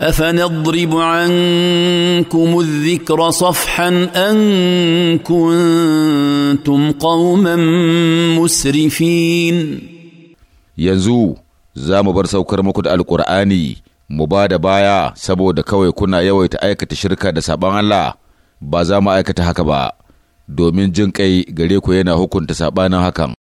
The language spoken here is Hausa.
افنضرب عنكم الذكر صفحا ان كنتم قوما مسرفين yanzu za mu bar saukar muku da alkur'ani mu ba da baya saboda kawai kuna yawaita aikata shirka da saɓan Allah ba za mu aikata haka ba domin jin kai gare ku yana hukunta saɓanin hakan